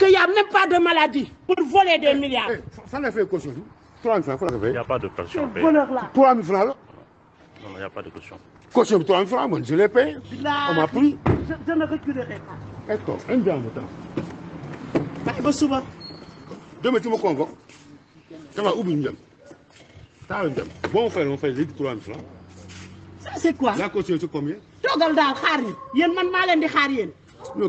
qu'il n'y a même pas de maladie pour voler des milliards. Eh, ça n'a fait caution. il n'y a pas de pension. Non, il n'y a pas de caution. Caution 3 francs, je l'ai payé. On m'a pris. Je, ne reculerai pas. D'accord, un bien va temps. Bonsoir. Bah, bah, Demain, tu me convoques. Ça va, où Bon, on fait, on fait francs. Ça, c'est quoi La caution, c'est combien Togal dal y a man ma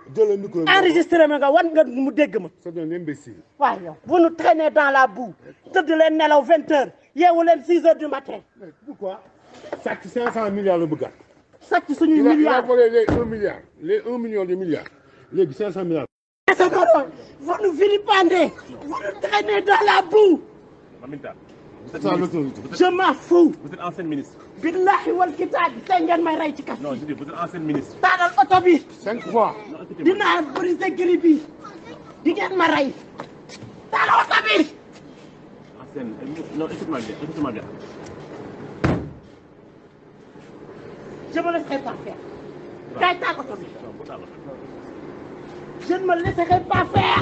Enregistrez-moi, c'est un imbécile. Voyons, vous nous traînez dans la boue. Tout le monde est 20 heures. Il est 6 h du matin. Mais pourquoi Chaque 500 milliards de bougat. Chaque 500 milliards. Il a volé les 1 milliard. Les 1 million de milliards. Les 500 milliards. Vous nous vilipendez. Vous nous traînez dans la boue. Maminta. Je m'en fous. Vous êtes ancien ministre. Billahi wal kitab, c'est un gars de ma Non, je dis, vous êtes ancien ministre. T'as dans l'autobus. 5 fois. dinaa brisé gris bi di ngeen ma rey taal oto bi je me laisserai pas faire kaay taal oto je ne me laisserai pas faire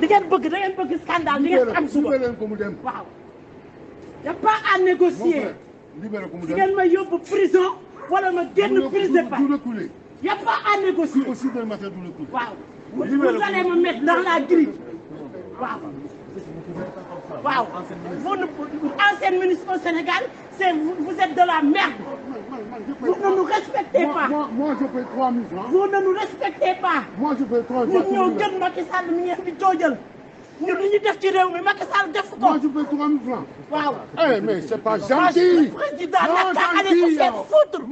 di ngeen bëgg da ngeen bëgg scandale di ngeen am suba waaw y pas à négocier di ngeen ma yóbbu prison wala ma prison pas Il n'y a pas à négocier. Vous, allez me mettre dans la grille. Waouh. Vous, vous, ancienne ministre au Sénégal, vous, êtes de la merde. Vous ne nous respectez pas. Moi, je paye 3 000 francs. Vous ne nous respectez pas. Moi, je paye 3 000 francs. Vous ne nous, Macky Sall, nous, nous, nous, nous, def ci réew mi Macky Sall Moi, je paye 3 000 francs. Waouh. Eh, mais c'est pas gentil. Le président foutre.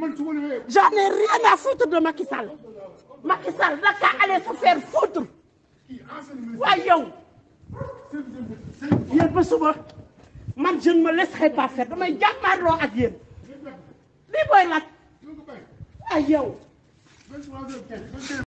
J'en ai rien à foutre de Macky Sall. Macky Sall, Dakar allait se faire foutre. Voyons. Il est souvent. Moi, je ne me laisserai pas faire. Je ne me à Dieu. Libre là. Voyons.